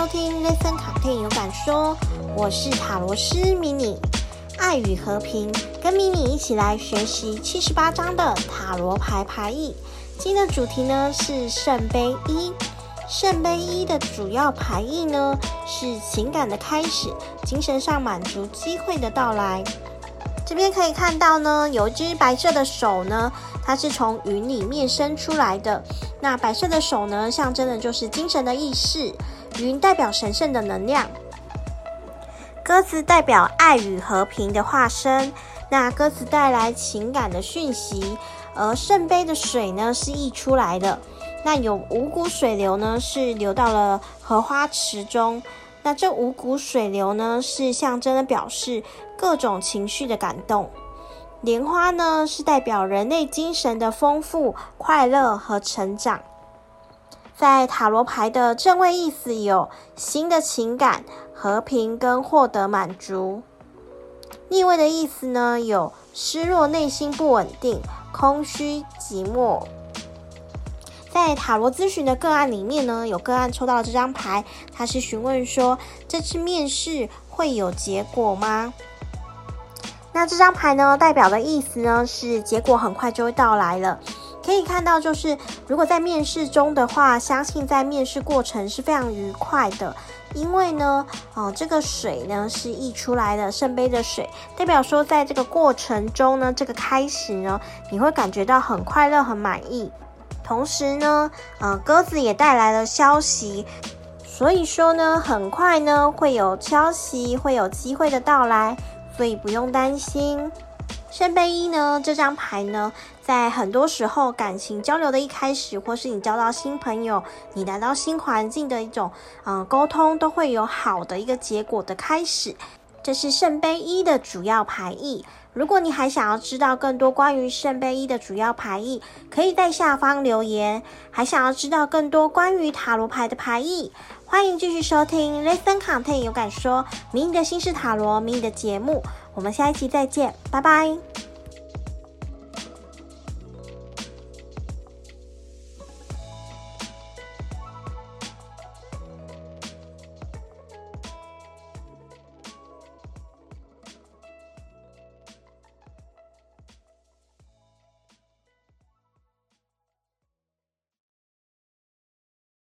收聽 ListenContent 有感說。我是塔羅師 mini，愛與和平，跟 mini 一起來學習七十八張的塔羅牌牌意。今天的主題呢是聖杯一。聖杯一的主要牌意呢是情感的開始，精神上滿足機會的到來。這邊可以看到呢有一隻白色的手呢，它是從雲裡面伸出來的。那白色的手呢，象徵的就是精神的意識。雲代表神聖的能量，鴿子代表愛與和平的化身。那鴿子帶來情感的訊息，而聖杯的水呢是溢出來的。那有五股水流呢是流到了荷花池中。那這五股水流呢是象徵的表示各種情緒的感動。蓮花呢是代表人類精神的豐富、快樂和成長。在塔羅牌的正位意思有新的情感、和平跟獲得滿足；逆位的意思呢有失落、內心不穩定、空虛、寂寞。在塔羅諮詢的個案裡面呢，有個案抽到了這張牌，他是詢問說，這次面試會有結果嗎？那這張牌呢代表的意思呢是結果很快就會到來了。可以看到，就是如果在面試中的話，相信在面試過程是非常愉快的，因為呢，呃，這個水呢是溢出來的聖杯的水，代表說在這個過程中呢，這個開始呢，你會感覺到很快樂、很滿意。同時呢，呃，鴿子也帶來了消息，所以說呢，很快呢會有消息，會有機會的到來，所以不用擔心。聖杯一呢，這張牌呢，在很多時候感情交流的一開始，或是你交到新朋友，你來到新環境的一種，嗯，溝通都會有好的一個結果的開始。這是聖杯一的主要牌意。如果你還想要知道更多關於聖杯一的主要牌意，可以在下方留言。還想要知道更多關於塔羅牌的牌意。歡迎繼續收聽《Listen Content 有感說迷你的新式塔羅迷你》的節目，我們下一期再見，拜拜。